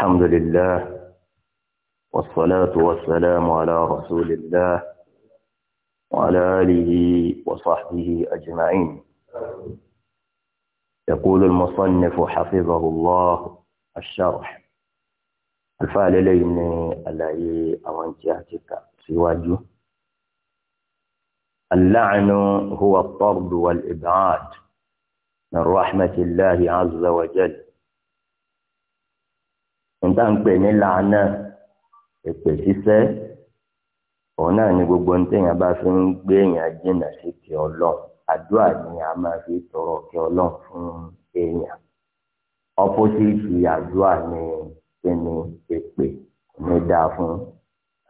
الحمد لله والصلاة والسلام على رسول الله وعلى آله وصحبه أجمعين يقول المصنف حفظه الله الشرح الفعل لين علي أوانتياتك سواجه اللعن هو الطرد والإبعاد من رحمة الله عز وجل nígbà ń pè ní làánà èpè ṣiṣẹ́ òun náà ni gbogbo ní téèyàn bá fi ń gbé èèyàn jìnnà sí kí ọlọ́run àdúrà ni a máa fi tọrọ kí ọlọ́run fún èèyàn ọpọ́sìtì àdúrà ni kíni èpè ní dáa fún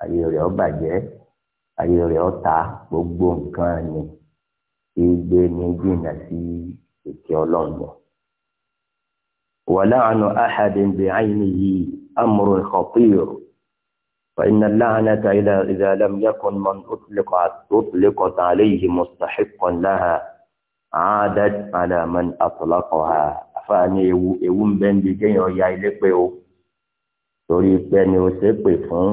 ayé rẹ̀ ó bàjẹ́ ayé rẹ̀ ó ta gbogbo nǹkan ni kí gbé ní jìnnà sí ìkẹ́ ọlọ́run. ولعن أحد بعينه أمر خطير فإن اللعنة إذا, إذا لم يكن من أطلق أطلقت عليه مستحقا لها عادت على من أطلقها فأني يوم بين بيجين ويا إليكو torí pé ni o ṣe pè fún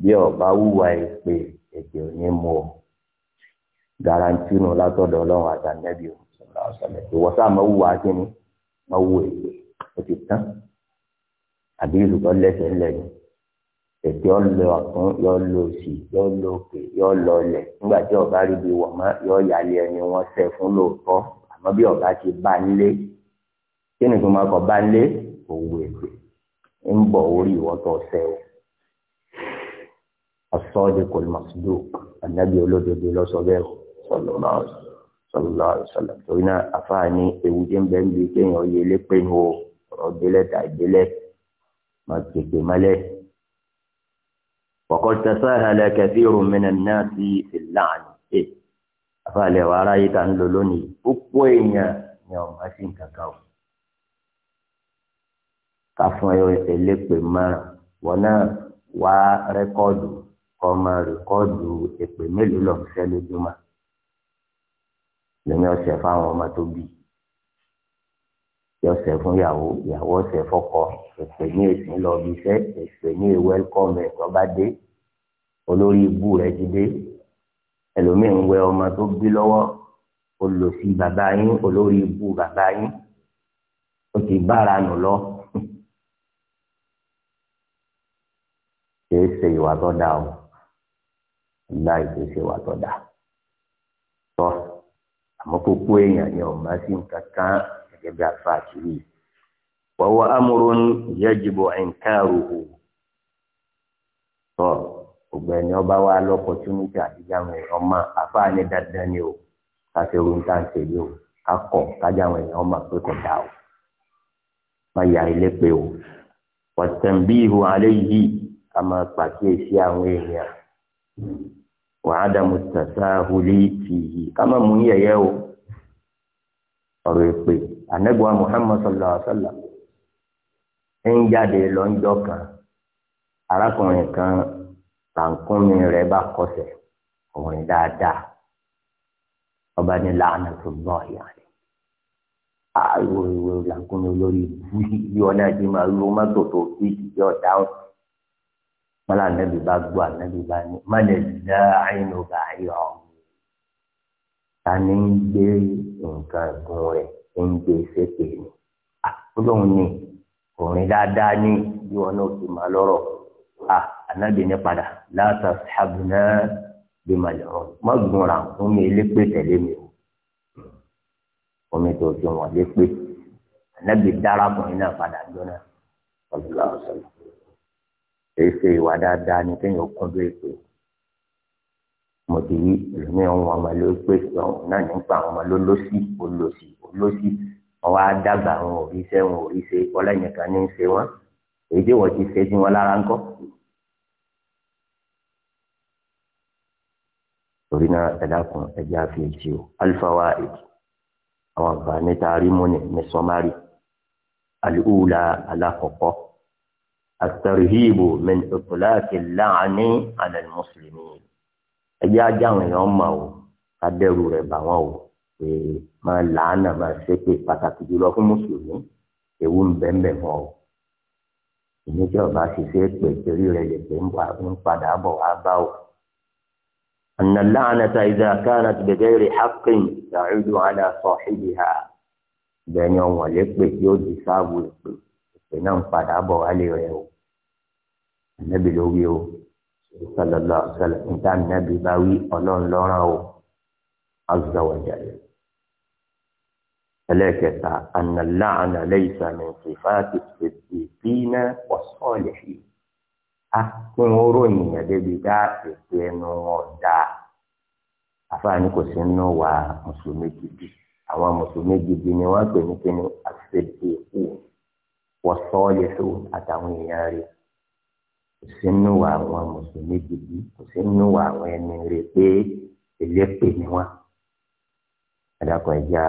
bí ọba wúwa ìpè èdè òní mu ọ garantinu látọ̀dọ̀ Ọlọ́run àtànẹbí ọ sọlá ọsọlẹ ìwọ sáà máa wúwa kí ni máa wú èpè ó ti tán àbí ìlùkọ́ lẹ́sẹ̀ ńlẹ̀ ni tètè ọlọ ọtún yọ lọ sí yọ lọ òkè yọ lọ ọlẹ nígbà tí ọba rí bi wọ mọ yọ yàlẹ ẹni wọn sẹ fún lóòótọ́ àmọ́ bí ọba ti bá nílé kí ni tó máa kọ bá nílé òwò èpè ń bọ̀ orí ìwọtọ ọsẹ o asọọdẹ kòlmọsídò ànábì olódodo lọsọ bẹ́ẹ̀ sọlọ náà sọlọ torí náà àfáà ní ewu ọ̀rọ̀ délẹ̀ tà délẹ̀ má tètè mọ́lẹ̀. wọ́kọ́ tẹ̀sán ìhàlẹ̀ kẹfí rùmínà náà sí ìlànà ẹ̀ afáàlẹ̀ wa ara yìí ta ń lò lónìí púpọ̀ èèyàn ni ọ̀ma sí nǹkan kan o. ká fún ẹ elépè mọ́ra wọn náà wá rẹ́kọ́ọ̀dù kọ́ máa rẹ́kọ́ọ̀dù èpè mélòó lọ́ọ́ fẹ́ lójúmọ́ lẹ́yìn ọ̀sẹ̀ fáwọn ọmọ tó bíi yọ̀sẹ̀ fún yàwó yàwó ọ̀sẹ̀ fọ́kọ èpè ní èsì ń lọ bí iṣẹ́ èpè ní ìwẹ́lkọ́mù ẹ̀ tó bá dé olórí ibú rẹ̀ ti dé ẹlòmíì ń wẹ ọmọ tó bí lọ́wọ́ olùsí bàbá yín olórí ibú bàbá yín ó ti bára nù lọ kìí ṣe ìwà tó dá o láì kìí ṣe ìwà tó dá tọ́ àmọ́ kókó èèyàn ni ọ̀ma sí nǹkan kan gẹ́gẹ́ bí àfáà ti wí. wa huwa amrun yajibu inkaruhu. tọ́ ọ̀gbẹ́ni ọba wa lọ́pọ̀túnìtì àtijáwọn èèyàn máa àfáà ní dandan ni o káfí orin tá à ń tẹ̀lé o kakọ̀ kájáwọn èèyàn máa pé kò dá o má yà ilé pé o watanbihu alayhi ká máa pàkíyèsí àwọn èèyàn wàhádà mùtàtà hulí tìyí ká má mú yẹ̀yẹ́ o ọ̀rọ̀ èpè anagba muhammad sallallahu alaihi wa sallam ń jáde lọ́njọ́ kan arákùnrin kan tàǹkùnmi rẹ̀ bá kọsẹ̀ òun dáadáa ọba ní láàánú tó bọ̀ yàrá àìwòrìwò làǹkùnmi olórí bú yí ọ náà ti máa lu mọ́tò tó fi yọ dáhùn mọ́lá anabi bá gbọ́ anabi bá ní mọ́lẹ̀ dá àyìnbó bá yọ ọ́ ta ni ń gbé nǹkan gun rẹ̀ oúnjẹ ìṣèpè ni àkúlóhùn ni òrìn dáadáa ní bí wọn náà fi máa lọ́rọ̀ à ànábì ní padà láta sábùnà bí màlẹ̀ wọn má gbọ́nra fún mi lépè tẹ̀lé mi o omi tó fi wọn lépè ànábì dára kan iná padà jọ́nà ọ̀dùnlá ọ̀sán èyí ṣe ìwà dáadáa ní kéèyàn kún bí èpè mọ̀tìrí èmi ọ̀hún ọmọ ló pé ọ̀hún náà nípa àwọn ọmọ ló lọ́sí olóṣì olóṣì wọn wá dàgbà àwọn òrìṣẹ́ wọn òrìṣẹ́ ọlẹ́yìn kan ní í ṣe wọn èyí tí wọ́n ti ṣe sí wọn lára ńkọ́. torí náà ẹ̀dá kan ẹ̀jẹ̀ àfihàn o alifawa èdè àwọn àǹfààní tá a ní sọmárì alihuula alákọ̀ọ́kọ́ àtàríhìbò min ìpìlẹ̀ àti ẹjẹ́ ajá àwọn èèyàn mọ̀ o kádẹ́rù rẹ̀ bà wọ́n o pé máa làánà máa ṣépè pàtàkì jùlọ fún mùsùlùmí ewu ń bẹ́ẹ̀ bẹ́ẹ̀ mọ́ o èmi tí ọba ṣiṣẹ́ pè torí rẹ̀ lè pè ń padà bọ̀ wá bá o. أن اللعنة إذا كانت بغير حق تعود على صاحبها بين ọ̀hún ọ̀lẹ́pẹ̀ tí ó di sáàbù ìpè ìpè náà ń padà sọlọlọ sọlọ níta nàbí bá wí ọlọ́nlọ́ràn o azza wa jalla. ẹlẹ́kẹta ànàlá ànàlẹ́ ìsàmì ìfà ti fèsì fínà ọ̀sọ́ọ̀lẹ̀ fi. a pín oró ènìyàn débi dá ètò ẹnu wọn dáa. àfààní kò sí nínú wa mùsùlùmí gidi àwọn mùsùlùmí gidi ni wọ́n pè ní kíni àfẹsẹ̀ kù wọ́sọ́ọ̀lẹ̀ fún àtàwọn èèyàn rẹ̀ kò sí nínú wa àwọn mùsùlùmí gidi kò sí nínú wa àwọn ẹni rè pé elépè ni wọn adakọ ẹja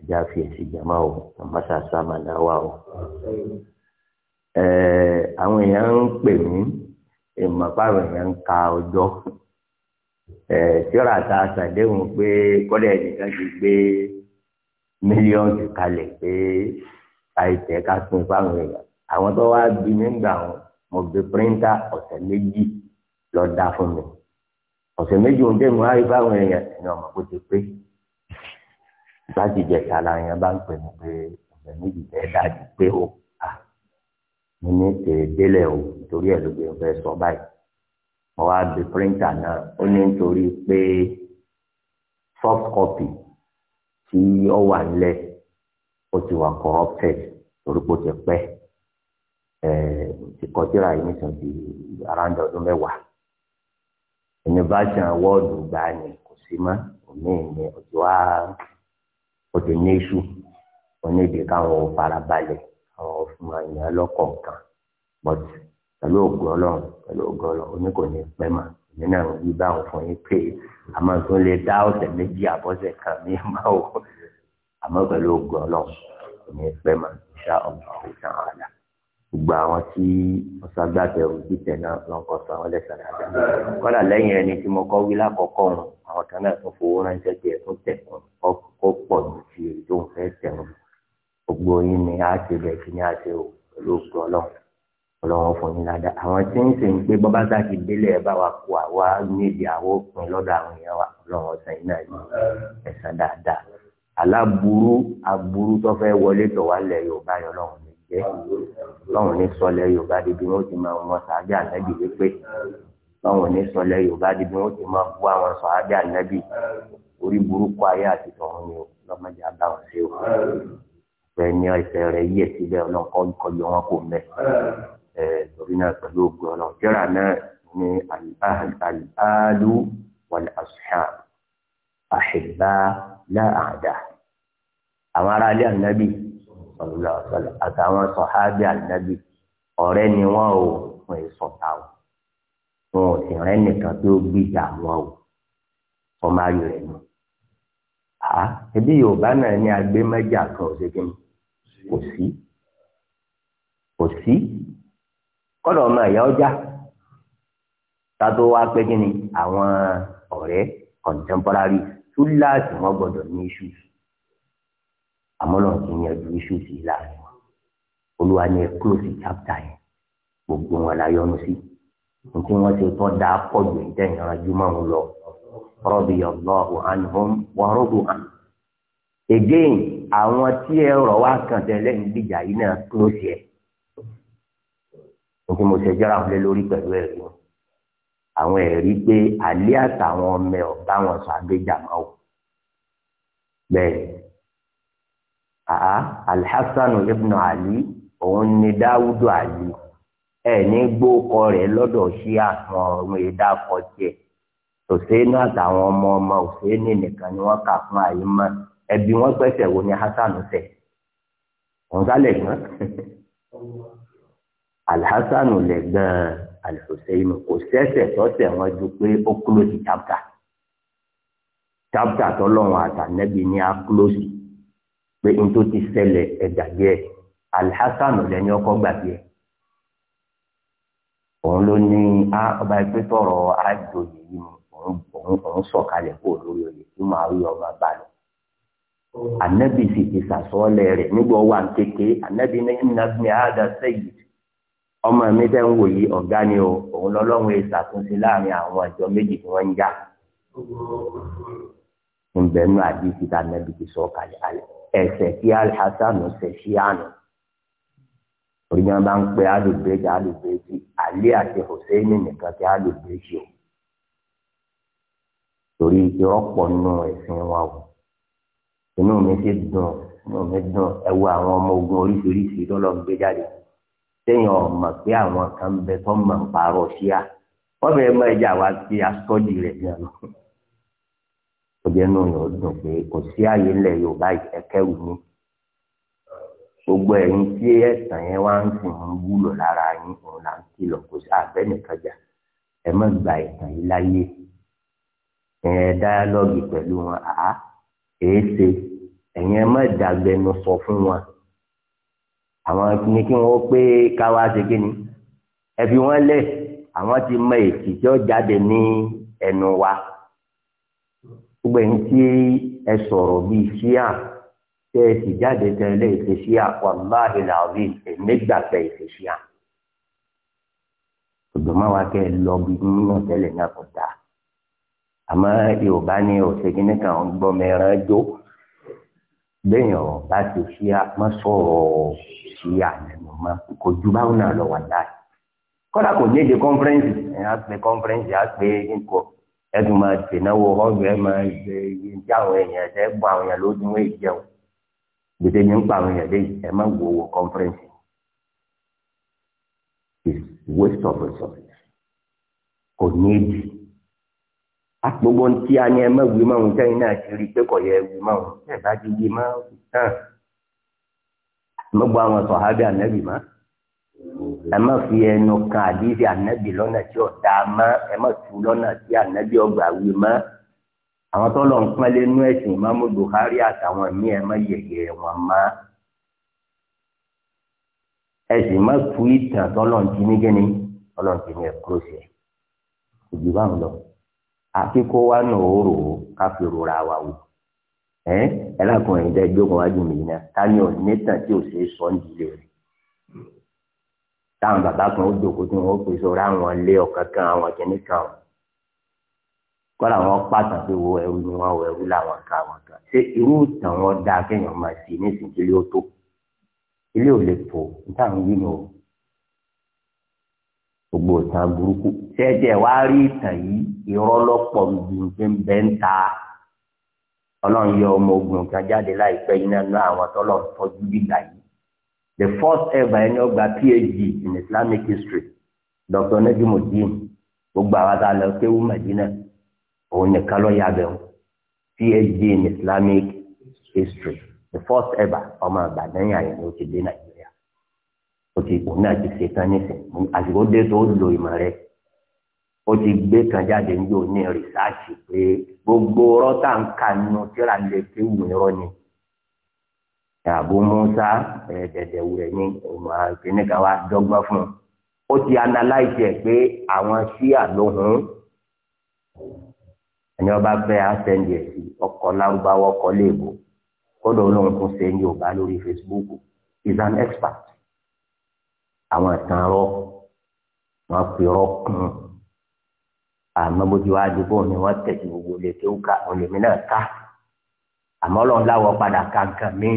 ẹja fi èsì jama o àmàṣà sàmàdà wa o ẹ àwọn èèyàn ń pè mí ìmọ̀pá àwọn èèyàn ń ka ọjọ́ ẹ tíọ́rà ta ṣàdéhùn pé kọ́lẹ̀ nìkan ti gbé mílíọ̀nù kalẹ̀ pé àìtẹ́ ká pín fáwọn èèyàn àwọn tó wá bí nígbà wọn mo gbé píríńtà ọ̀sẹ̀ méjì lọ dá fún mi ọ̀sẹ̀ méjì òun dé mu á rí báwọn èèyàn ẹ̀yìn ọmọ kó ti pé bá ti jẹ sára yẹn bá ń pè mí pé ọ̀sẹ̀ méjì bẹ́ẹ̀ dá pé o à mo ní tèrè délẹ̀ o nítorí ẹ̀ ló gbé fẹ́ sọ báyìí mo wá gbé píríńtà náà ó ní nítorí pé soft copy tí ó wà nílẹ̀ ó ti wà corrupted torí pé ó ti pẹ́ ti kọtíra yìí nìkan di aráńdà ọdún mẹ́wàá innovation awọ́ọ̀dù gbà ní kò sí mọ́ òní ní ọjọ́ wa ó ti ní iṣu onídìí káwọn farabalẹ̀ àwọn fún àyàn lọ́kọ̀ọ̀kan but pẹ̀lú ògùn ọlọ́run pẹ̀lú ògùn ọlọ́run oní kò ní pẹ́ mà èmi náà ń yí báwọn fún yín pé àmọ́ tó lè dá ọ̀sẹ̀ méjì àbọ̀sẹ̀ kan ní máa wò àmọ́ pẹ̀lú ògùn ọlọ́run kò ní pẹ́ mà ṣá ọ̀gbà ọ̀hún sáà wà láà gbogbo àwọn tí ọ̀sán agbátẹrù gbígbẹ náà lọ́n kọ́ sọ àwọn lẹ́sàn án dáadáa kọ́dà lẹ́yìn ẹni tí mo kọ́ wí lákọ̀ọ́kọ́ òun àwọn kan náà tún fowó ránṣẹ́ tiẹ̀ tún tẹ̀kùn ó pọ̀ ju ti èyí tó ń fẹ́ tẹ̀wọ̀n gbogbo yín ni a ṣe bẹ̀ kí ni a ṣe o pẹ̀lú ògùn ọlọ́run ọlọ́run fún yín ládàá àwọn tí ń sìn pé bọ́bá sá ti délé ẹ̀ bá wa kó àwa nídìí àwọn òpin lọ́dọ̀ àwọn èèyàn wa ọlọ́run ọ̀sán yín náà yìí ẹ̀sán dáadáa aláburú aburú tó fẹ́ wọlé tọ̀ wá lẹ̀ Yorùbá yọ lọ́run pé báwọn ní sọlẹ̀ yorùbá di bí wọ́n ti máa wọn sàájà ànábì wípé báwọn ní sọlẹ̀ yorùbá di bí wọ́n ti máa bú àwọn sàájà ànábì orí burúkú ayé àti tọ̀hún ni lọ́mọdé àbáwọn ṣe o ẹni ẹsẹ̀ rẹ̀ yíyẹ síbẹ̀ ọlọ́nkọ́ kọjú wọn kò mẹ́ ẹ torí náà pẹ̀lú ògùn ọlọ́run tíra náà ní al-ahlu wal-ashab ahibba àwọn ará ilé ànábì sọlá sọlá àtàwọn sọhábì ànábì ọ̀rẹ́ ni wọn ò fún ìsọta o wọn ò sì rẹ nìkan tó gbìjà wọn o ọmọayò rẹ nù. a ebi yorùbá náà ní agbé kan ò sí kí ni kò sí kò sí kọlọ ọmọ ìyá ọjà tátó wá pé kí ni àwọn ọ̀rẹ́ contemporary túláàsì wọn gbọ́dọ̀ ní issues àmọ́ náà ti yanjú issues yìí láàrin wọn olúwa ni ẹ close chapter yẹn gbogbo wọn la yọnu sí nítí wọn ti tọ́ da pọ̀jù ìtẹ̀yìn ọ̀rọ̀jú máa ń lọ rọ́bì ọ̀lọ́hu anhum wọ́rọ́bù hàn. again àwọn tí ẹ rọ̀ wá kàn tẹ́lẹ̀ ń gbìjà yìí náà close yẹ nítí mo ṣe jẹ́ra wọlé lórí pẹ̀lú ẹ̀rí àwọn ẹ̀rí pé àlẹ́ àtàwọn ọmọ ẹ̀ ọ̀gá wọn sọ àgbéjà máa wò bẹ́ẹ̀ àá alhassanu ibnu ali òun ni dáwúdù ali ẹ ní gbókọ rẹ lọ́dọ̀ sí àwọn ọmọ ẹ̀dá kọjẹ òṣèlú àtàwọn ọmọ ọmọ òṣèlú nìkan ni wọ́n kà fún àyè mọ ẹbí wọn pẹsẹ wo ni hassanu ṣe òun sálẹ gbọn alhassanu lẹ gbọn alhussein kò sẹsẹ tọsẹ wọn ju pé ó kúlò sí chapter chapter tọlọ́run àtànẹbí ni a kúlò sí. pé n tó ti ṣẹlẹ̀ ẹ̀dà díẹ̀ alhassan lẹ́ni ọkọ̀ gbà díẹ̀ òun ló ní ọba ẹgbẹ́ tọrọ àjòyè yìí ni òun òun sọ̀kalẹ̀ kó lórí oyè tí màá rí ọba bá lọ. anabi sì ti anabi ní nàbí sẹ́yìn ọmọ mi tẹ́ ń ọ̀gá ni o òun lọ́lọ́run ẹ̀ ṣàtúnṣe láàrin àwọn àjọ anabi ti sọ̀kalẹ̀ ẹ̀sẹ̀ tí alhassan ṣe ṣí àná orí wọn bá ń pe alùbẹ́jì alùbẹ́jì Ali àti Hussein nìkan tí alùbẹ́jì o torí ìrọ́pọ̀ nù ẹ̀sìn wa o inú mi ti dùn inú mi dùn ẹ wo àwọn ọmọ ogun oríṣiríṣi lọ́lọ́ gbé jáde sẹ́yìn ọ̀mọ̀ pé àwọn kan bẹ tó mọ̀ ń parọ́ ṣíà wọ́n fẹ́ẹ́ mọ ẹja wa ti asọ́jì rẹ̀ gan ó jẹ́ inú yóò dùn pé kò sí àyè ńlẹ̀ yorùbá ẹkẹwù ni gbogbo ẹ̀yin tí ẹ̀sán yẹn wá ń sìn ń wúlò lára yín òun là ń kò sí àbẹ́nìkan ẹ má gba yìí láyé ẹ dáyálọ́gì pẹ̀lú wọn àá èé ṣe ẹ̀yin ẹ sọ fún wọn àwọn wa. gbogbo ẹni tí ẹ sọ̀rọ̀ bíi ṣíà tẹ ẹ sì jáde tẹlẹ ìfẹ́ ṣíà wàláhì làwí ẹ̀mẹ́gbàgbẹ́ ìfẹ́ ṣíà ọ̀dọ̀ máa wá kẹ́ ẹ lọ bí nínú tẹ́lẹ̀ náà kò dáa àmọ́ yorùbá ní ọ̀sẹ̀ kí nìkan ń gbọ́ mẹ́rin jó bẹ́ẹ̀yàn bá ti ṣíà má sọ̀rọ̀ ṣíà lẹ́nu mọ́ kò ju báwọn náà lọ wà láì kọ́dà kò ní èdè kọ́nfẹ́rẹ́nsì ẹ̀ ẹtù máa ṣènáwó ọ̀rọ̀ ẹ máa ṣe iye tí àwọn èèyàn ẹ bọ àwọn èèyàn lójú wọn ìjẹun gbèdé ní ń pa àwọn èèyàn dé ẹ má wo owó conference is waste of resources kò ní èdè àpògbó tí a ní ẹ wí máa ń sẹ́yìn náà rí i pé kò yẹ wí máa ń ẹ ẹ má fi ẹnu kan àdìsí ànábì lọ́nà tí ọ̀tá mọ́ ẹ má tu lọ́nà tí ànábì ọgbà wí mọ́ àwọn tó lọ ń pín lẹ́nu ẹ̀sìn ìmáàmù Buhari àtàwọn míì ẹ má yẹ̀yẹ̀ wọn mọ́ ẹ sì má tu ìtàn tọ́lọ̀ ń ti ní kíni tọ́lọ̀ ń ti ní ẹ̀kúrò sí ẹ̀ ìdí bá ń lọ àfi kó wá nà ó rò ó ká fi rora wa wò ẹ ẹ lákùnrin dẹ gbé wọn wájú mi náà ká ní ọ̀ nítàn tí ò ṣeé sọ ń dilé rẹ̀ táwọn bàbá kan ó dòkó tí wọn ó pè sọ ráwọn lé ọkàn kan àwọn kìnní kan o kọ́lá wọn pàtàkì pé wo ẹrú ni wọn wọ ẹrú làwọn kan àwọn kan ṣé irú ìtàn wọn dá kéèyàn máa sì nísìnyí kí ilé ó tó ilé ò lè pò nítawọn yìí nù gbogbo ìtàn burúkú ṣẹ́jẹ̀ wá rí ìtàn yìí irọ́ lọ́pọ̀ gbìyànjú ń bẹ́ ń ta ọlọ́run yọ ọmọ ogun kan jáde láìpẹ́ iná náà àwọn tọ́lọ̀ tọ́jú dìgbà yìí the first ever ẹni ọgbà phd in islamic history dr nejimudin gbogbo àwọn tá a lọ kéwú madina òun nìkan lọ yàgbẹ o phd in islamic history the first ever ọmọ àgbàdàn yàrá ni ó ti dé nàìjíríà ó ti òun náà ti ṣetán nísìnyí àsìkò dé tó lo ìmọ̀ rẹ̀ ó ti gbé kan jáde ní òní rìsáàsì pé gbogbo rọ́tà ń kà nínú tíra lè kéwù nírọ́ ni àbú musa dẹ̀dẹ̀ wúrẹ̀ ní ọmọ ìpínlẹ̀ kan wá fún un ó ti analyze ẹ̀ pé àwọn ṣíà ló hun ẹni ọba fẹ́ àṣẹǹdì ẹ̀ sí ọkọ̀ lárúbáwọ̀ ọkọ̀ léèbó kódà olóhùn ṣe ní ọba lórí facebook is an expert àwọn ìtàn rọ wọn fi rọ kún àmọ́ bó ti wá dìbò ni wọ́n tẹ̀sí gbogbo lè kéwù ká ká àmọ́ ọlọ́run láwọ̀ padà kankan mi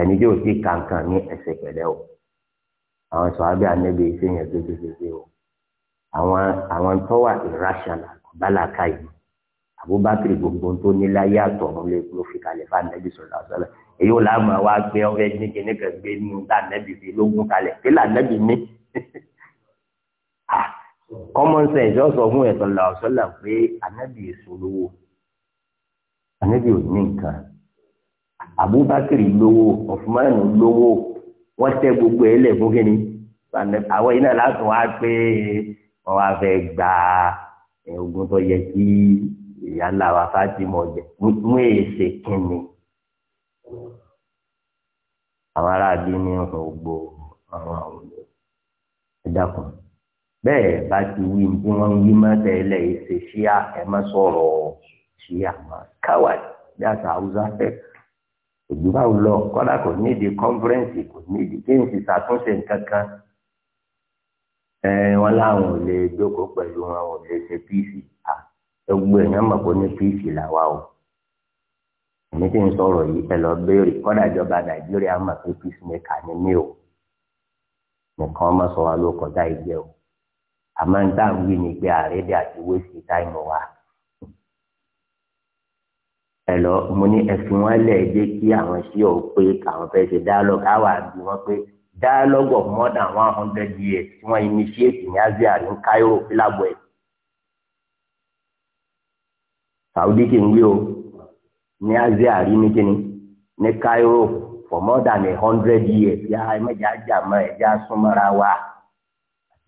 ẹni yóò ti kankan ní ẹsẹ̀ pẹ̀lẹ́ o àwọn sọ̀hábíà níbi iṣẹ́ yẹn gbégbégbé o àwọn àwọn tó wà ìráṣàlà ọ̀bálàkà yìí Abubakar gbogbo tó ní láyé àtọ̀run lè ló fi kalẹ̀ fún anabi sọ̀rọ̀ àṣọlẹ̀ èyí ò láàmú àwa gbé ọ̀rẹ́ ní kíní kan gbé nínú tá anabi fi lógún kalẹ̀ kí lànàbì ní ah, common sense ọ̀sọ̀ fún ẹ̀sọ̀ làwọ̀sọ̀là pé anabi èso lówó ànábì ò ní nǹkan Abubakar lówó Osman lówó wọ́n tẹ gbogbo ẹ̀ lẹ̀ fún kínní àwọn iná láti wá pé wọ́n wá fẹ́ gba ogun tó yẹ kí ìyá ńlá wa Fatima jẹ mú èsè kínní àwọn aráàlú ní ọ̀sán gbogbo àwọn àwọn ẹ̀dá kan bẹ́ẹ̀ bá ti wí bí wọ́n ń wí mọ́tẹ́ ẹlẹ́yìí ṣe ṣíà ẹ̀ má sọ̀rọ̀ ọ̀hún ṣíà mọ́ káwáì bí àṣà haúsá fẹ́ òjòbá ò lọ kọ́dà kò nídìí kọ́nfẹ́rẹ́ǹsì kò nídìí kí n sì ṣàtúnṣe nǹkan kan ẹ wọn láwọn ò lè jókòó pẹ̀lú wọn ò lè ṣe píìsì à gbogbo èèyàn mọ̀ pé ní píìsì làwa o èmi tí ń sọ̀rọ̀ yìí ẹ lọ béèrè kọ́dà ìjọba nàìjíríà mọ̀ pé píìsì mẹ́ka ni mí o nìkan ọmọ sọ wa ló kọjá ìjẹ o àmọ́ ń dáhùn yìí ni pé àrédè àti wéṣì táìmù wa ẹ lọ mo ní ẹfin wọn lẹ jẹ́ kí àwọn sí ọ pé àwọn fẹ́ẹ́ ṣe dialogue àwọn àbí wọn pé dialogue of more than one hundred years tí wọn initiate ní Asia ní Cairo filabue Saudi kì ń wí o ní Asia rí ní kíni ní Cairo for more than a hundred years yá ẹ mẹjọ ajá mọ ẹjá súnmọ́ra wa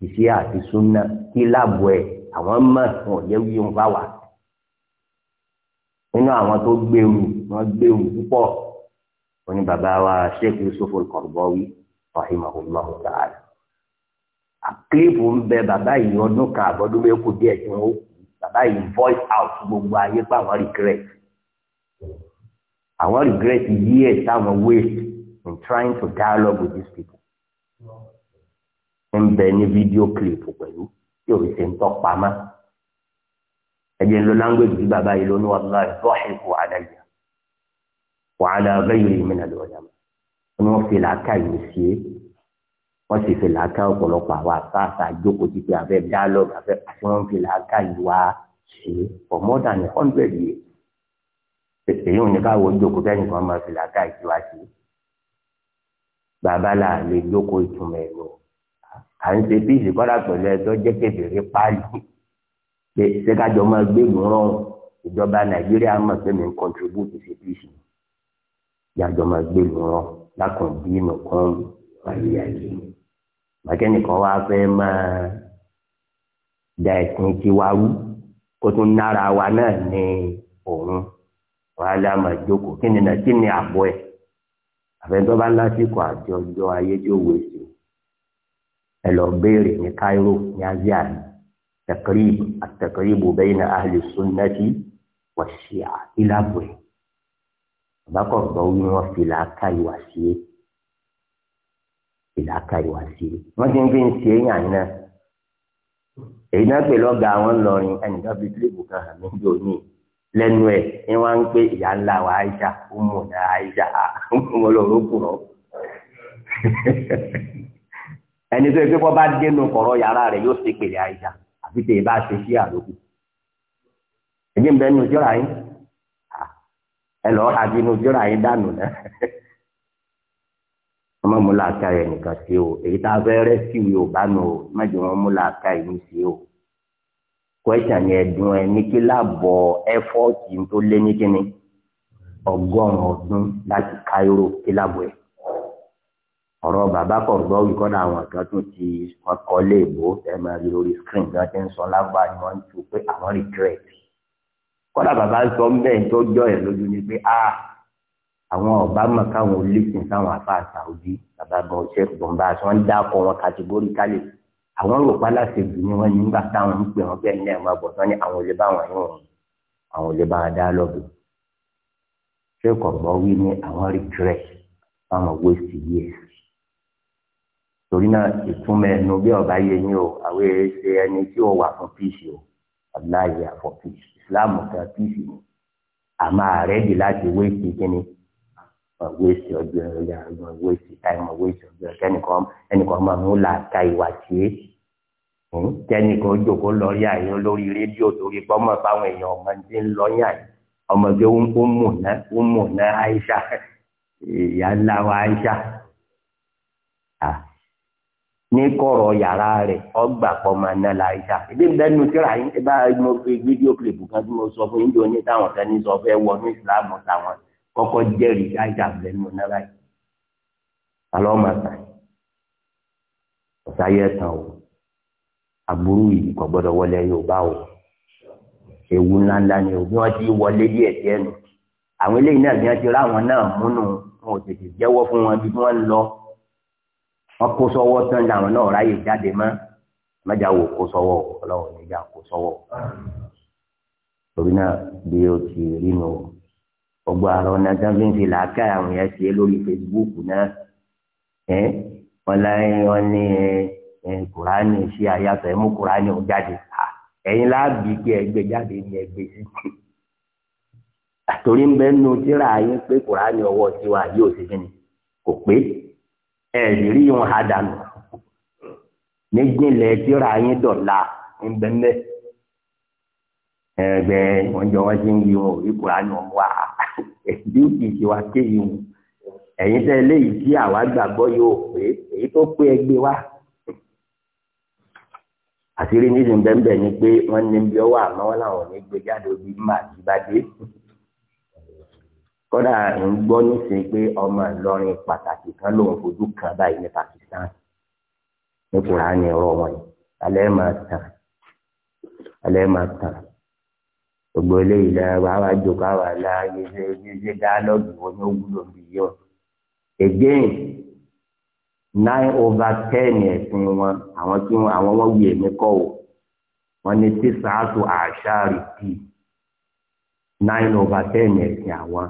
ìṣe àti súnmọ́ kílàbù ẹ àwọn mọ̀ wọn yẹ wí wọn bá wà nínú àwọn tó gbèrú wọn gbèrú púpọ̀ oní bàbá wa sheikh yusuf al-qaradawi rahimahullahu ta'ala àkílífù ń bẹ bàbá yìí ọdún kan àbọ̀dún bẹ́ẹ̀ kù díẹ̀ tí wọ́n kú bàbá yìí voice out gbogbo ayé pa àwọn regret àwọn regret years táwọn waste in trying to dialogue with these people ń bẹ ní video clip pẹ̀lú tí òun ṣe ń tọ́ pamọ́ ẹ̀jẹ̀ ń lo language bí bàbá yìí lónú wàláhì dọ́ọ̀hìnkù àdáyà wàhálà bẹ́yìí ìmìnà lọ́jà mọ́ wọn ni wọ́n fi làákà yìí sí é wọ́n sì fi làákà ọ̀pọ̀lọpọ̀ àwọn àfáàfà jókòó títí abẹ́ dialogue abẹ́ àti wọ́n fi làákà yìí wá sí é for more than a hundred years èyí ò ní káwọ jókòó bẹ́ẹ̀ nìkan máa fi làákà yìí wá sí é bàbá là lè jókòó ìtumọ̀ ẹ̀rọ à ń ṣe bíìsì kọ́dà pẹ̀lú ẹjọ́ jẹ́ kékeré páálí pé ṣẹ́gájọ́ máa gbégun rọrùn ìjọba nàìjíríà mọ̀ pé mi ń contribute sí peace ìyájọ́ máa gbégun rọrùn lákùn bí nìkan wáyé ayé màkẹ́nìkan wá fẹ́ máa da ẹ̀sìn tiwa rú kó tún nára wa náà ní òun wàhálà máa jókòó kí ni kí ni àbọ̀ ẹ̀ àfẹ́ntọ́ bá lásìkò àti ayé tí ó wé sí ẹ lọ béèrè ní Cairo ní Asia yìí. التقريب التقريب بين أهل السنة والشيعة إلى بوي بقر ضوين وفي العكاي وسيء في العكاي وسيء ما تنفين سيء يعني èyí náà pè lọ́gà àwọn ńlọrin ẹnìkan fi kílípù kan hàn mí lónìí lẹ́nu ẹ̀ ni wọ́n ń pè ìyá ńlá wa Aisha ọmọdé Aisha ọmọlọ́rọ́ kùrọ̀ ẹni tó yẹ kó bá dénú kọ̀rọ̀ yàrá rẹ̀ yóò ṣe pèlè Aisha àfi tèè bá ṣe sí àlòkù ẹ̀jẹ̀ ń bẹ nínú jọ́ra yín ẹ lọ́ọ́ ra bínú jọ́ra yín dànù náà ọmọ mu làákà yẹn nìkan sí o èyí tá a fẹ́ rẹ́síù yóò bá nù o mẹ́jọ wọn mú làákà yìí sí o kwẹ́sàn yẹn dùn ẹ ní kí láàbọ̀ ẹ́fọ́ọ̀tì tó lé ní kíni ọgọ́rùn-ún ọdún láti Cairo kí láàbọ̀ ẹ̀ ọ̀rọ̀ bàbá kọ̀ǹgbọ́ ìkọ́nà àwọn kan tó ti kọ́ léèbó ẹ máa rí lórí screen gan ti ń sọ lágbà ni wọ́n ń tu pé àwọn regret kọ́dà bàbá sọ ń bẹ́ẹ̀ tó jọ ẹ̀ lójú ni pé a ah, àwọn ọba mọ̀ káwọn olùsìn sáwọn afá àtàwùjí bàbá gan ṣe bọ̀m̀bà àti wọ́n ń dákọ̀ wọn kàtìgóríkálì àwọn rò pálá ṣe jù ní wọn nígbà táwọn ń pè wọn bẹ́ẹ̀ ní ẹ̀ma bọ̀ tán ni àwọn olè bá wọn yún wọn àwọn olè bá wọn dá lọ́bù ṣé kọ̀ọ̀bọ wí ní àwọn regret fáwọn waste years torí náà ìtumọ̀ ẹnu bí ọba yẹ yín o àwọn ẹsẹ ẹni tí ó wà fún píìsì o abdullahi àfọ píìsì islam kan píìsì ni àmọ́ ààrẹ di láti wéèsì kíni wéèsì ọjọ́ ẹ̀yà wéèsì táìmù wéèsì ọjọ́ kẹ́nìkan ẹnìkan máa mú làákà ìwà tiẹ̀ hmm? kẹ́nìkan jókòó lọ rí àyè lórí rédíò torí pé fáwọn èèyàn ọmọ ti ń lọ yàn ọmọge ń ń mú ná Aisha ìyá ńlá wa Aisha. Ah, ní kọ̀rọ̀ yàrá rẹ̀ ọgbà pọ̀ máa ná láìsá ebi ń bẹnu síra yín bá mo fi fídíò kílìpù kan tí mo sọ fún yín ní táwọn kan ní sọ fẹ́ wọ ní ìsìlámù táwọn kọ́kọ́ jẹ́rìí láìsá bẹnu náà láì alọ́ máa tà ọ̀sá yẹ tán o aburú yìí kò gbọ́dọ̀ wọlé Yorùbá o ewu ńláńlá ni o bí wọ́n ti wọlé díẹ̀ díẹ̀ nù àwọn eléyìí náà bí wọ́n wọn kó sọ́wọ́ tán làwọn náà ráyè jáde mọ́ mẹ́jà wò kó sọ́wọ́ Ọlọ́run níjà kó sọ́wọ́ torí náà bí o ti rí nu gbogbo àrọ náà tán fi ń fi làákà àwọn yẹn ṣe lórí Facebook náà ẹ wọn láyé wọn ní ẹ kùránì sí àyàtọ ẹ mú kùránì ó jáde ẹyin láàbì kí ẹgbẹ jáde ní ẹgbẹ sí àtòrí ń bẹ nu tíra yín pé kùránì ọwọ́ tiwa yóò ṣe kí ni kò pé ẹ̀rí wọn ha dànù nígbìnlẹ̀ tíra yín dọ̀la ńbẹ́ńbẹ́ ẹgbẹ́ wọn jọ wọn ṣe ń yí wọn òrí kura nù wá ẹ̀dí ìṣe wa kéyìí wọn ẹ̀yin tẹ́ eléyìí tí àwa gbàgbọ́ yóò pé èyí tó pé ẹgbẹ́ wa àṣírí nídìí bẹ́ẹ̀ ni pé wọ́n ní bí ọwọ́ àmọ́ wọn làwọn ò ní gbé jáde ojú màdìbàdé kódà ń gbọ́ nísìnyí pé ọmọ ìlọrin pàtàkì kan lòun fojú kan báyìí ní Pakistan ní kùránì ọ̀rọ̀ wọn yìí alẹ́ máa tàn alẹ́ máa tàn gbogbo eléyìí lẹ wàá wá jókòó àwà la yíṣe yíṣe dáálọ́gì wọn ní wúlò bí yọ again nine over ten ẹ̀sìn wọn àwọn tí àwọn wọn wí èmi kọ́ o wọn ní sísàásù àṣà rìpì nine over ten ẹ̀sìn àwọn.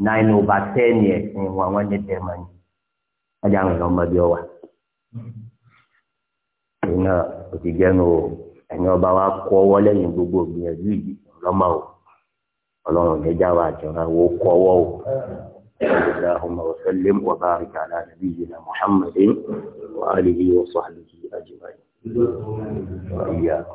nine over ten years ẹ̀sìn wọn àwọn ẹ̀dẹ̀ máa ń ajá àwọn èèyàn ọmọdé ọwà. èyí náà ti o wa gbogbo ìgbìyànjú yìí ọlọ́mọ o ọlọ́run ìjẹ́jà wa àjọra wo kọ́ ọwọ́ o. اللهم na وبارك على